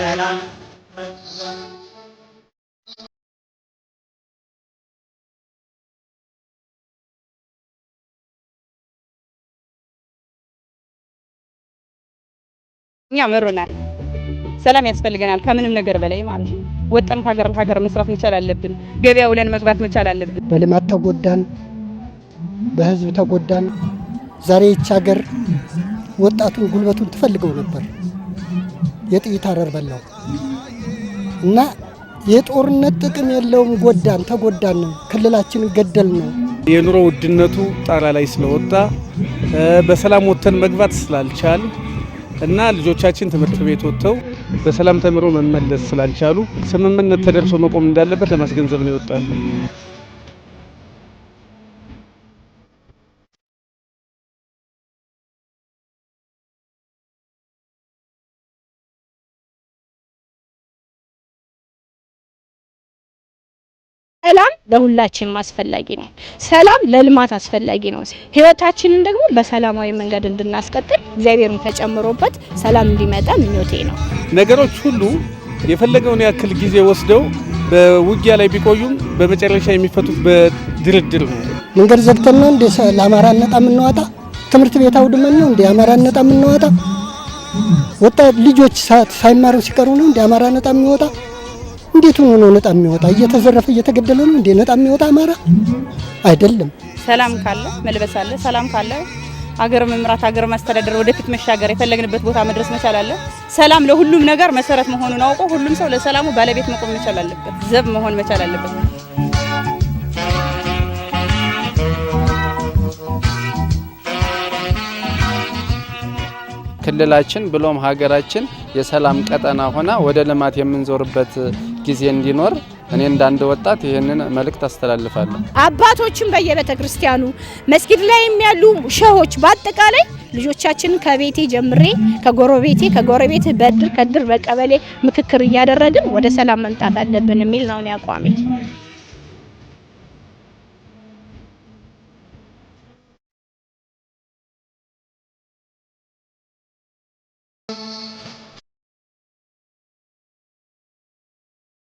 ሰላም እኛ መሮናል። ሰላም ያስፈልገናል ከምንም ነገር በላይ ማለት ነው። ወጠን ከሀገር ሀገር መስራት መቻል አለብን። ገበያ ውለን መግባት መቻል አለብን። በልማት ተጎዳን፣ በህዝብ ተጎዳን። ዛሬ ይች ሀገር ወጣቱን ጉልበቱን ትፈልገው ነበር። የጥይት አረር በላው እና የጦርነት ጥቅም የለውም። ጎዳን፣ ተጎዳን፣ ክልላችን ገደል ነው። የኑሮ ውድነቱ ጣራ ላይ ስለወጣ በሰላም ወጥተን መግባት ስላልቻል እና ልጆቻችን ትምህርት ቤት ወጥተው በሰላም ተምሮ መመለስ ስላልቻሉ ስምምነት ተደርሶ መቆም እንዳለበት ለማስገንዘብ ነው ይወጣል። ሰላም ለሁላችንም አስፈላጊ ነው። ሰላም ለልማት አስፈላጊ ነው። ህይወታችንን ደግሞ በሰላማዊ መንገድ እንድናስቀጥል እግዚአብሔርም ተጨምሮበት ሰላም እንዲመጣ ምኞቴ ነው። ነገሮች ሁሉ የፈለገውን ያክል ጊዜ ወስደው በውጊያ ላይ ቢቆዩም በመጨረሻ የሚፈቱት በድርድር ነው። መንገድ ዘግተን ነው እንደ ለአማራ ነጣ የምንዋጣ? ትምህርት ቤት አውድመን ነው እንደ አማራ ነጣ የምንዋጣ? ወጣት ልጆች ሳይማሩ ሲቀሩ ነው እንደ አማራ ነጣ የሚወጣ? እንዴት ሆኖ ነው ነጣ የሚወጣ? እየተዘረፈ እየተገደለ ነው እንዴ ነጣ የሚወጣ አማራ አይደለም። ሰላም ካለ መልበስ አለ። ሰላም ካለ አገር መምራት፣ አገር ማስተዳደር፣ ወደፊት መሻገር፣ የፈለግንበት ቦታ መድረስ መቻል አለ። ሰላም ለሁሉም ነገር መሰረት መሆኑን አውቆ ሁሉም ሰው ለሰላሙ ባለቤት መቆም መቻል አለበት። ዘብ መሆን መቻል አለበት። ክልላችን ብሎም ሀገራችን የሰላም ቀጠና ሆና ወደ ልማት የምንዞርበት ጊዜ እንዲኖር እኔ እንዳንድ ወጣት ይህንን መልእክት አስተላልፋለሁ። አባቶችን በየቤተ ክርስቲያኑ መስጊድ ላይ የሚያሉ ሸሆች በአጠቃላይ ልጆቻችን ከቤቴ ጀምሬ ከጎረቤቴ ከጎረቤት በድር ከድር በቀበሌ ምክክር እያደረግን ወደ ሰላም መምጣት አለብን የሚል ነው እኔ አቋሜ።